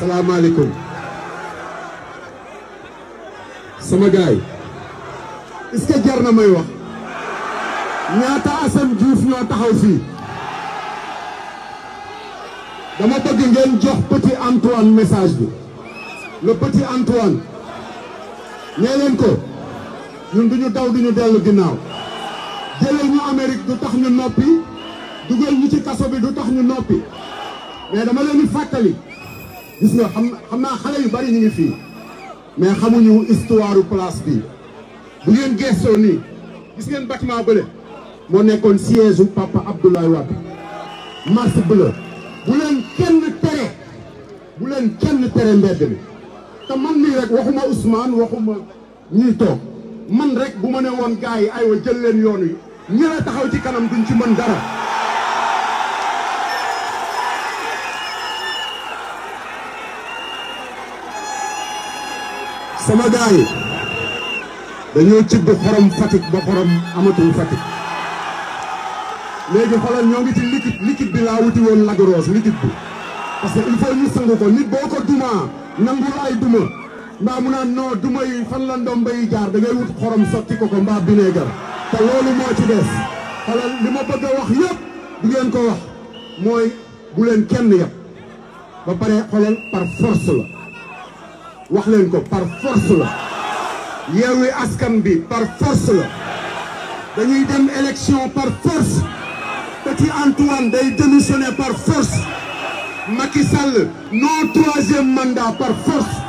salaamaaleykum sama gaay est jar na may wax ñaata Assane Diouf ñoo taxaw fii dama bëgg ngeen jox petit Antoine message bi le petit Antoine nee leen ko ñun duñu daw duñu dellu ginnaaw jëlal ñu Amérique du tax ñu noppi dugal ñu ci kaso bi du tax ñu noppi mais dama leen di fàttali gis na xam xam naa xale yu bari ñu ngi fii mais xamuñu histoire place bi bu ngeen gëstoo nii gis ngeen bâtiment bële moo nekkoon siège u papa Abdoulaye Wade mars bleu bu leen kenn tere bu leen kenn tere mbedd bi te man nii rek waxuma Ousmane waxuma ñuy toog man rek bu ma nee woon gars yi aywa jël leen yoon wi ñëla taxaw ci kanam duñ ci mën dara sama gars yi dañoo cibb xorom Fatick ba xorom amatul Fatick léegi xoolal ñoo ngi ci liquide liquide bi laa wuti woon lagros liquide bi parce que il faut ñu sangu ko nit boo ko dumaa nangu laay duma mbaa mu naan non duma yi fan la ndoom bay jaar da ngay wut xorom sotti ko ko mbaa bineegar te loolu moo ci des xoolal li ma bëgg a wax yëpp du ko wax mooy bu leen kenn yëpp ba pare xoolal par force la wax leen ko par force la yeewi askan bi par force la dañuy dem élection par force petit Antoine day démissionner par force Macky Sall non troisième mandat par force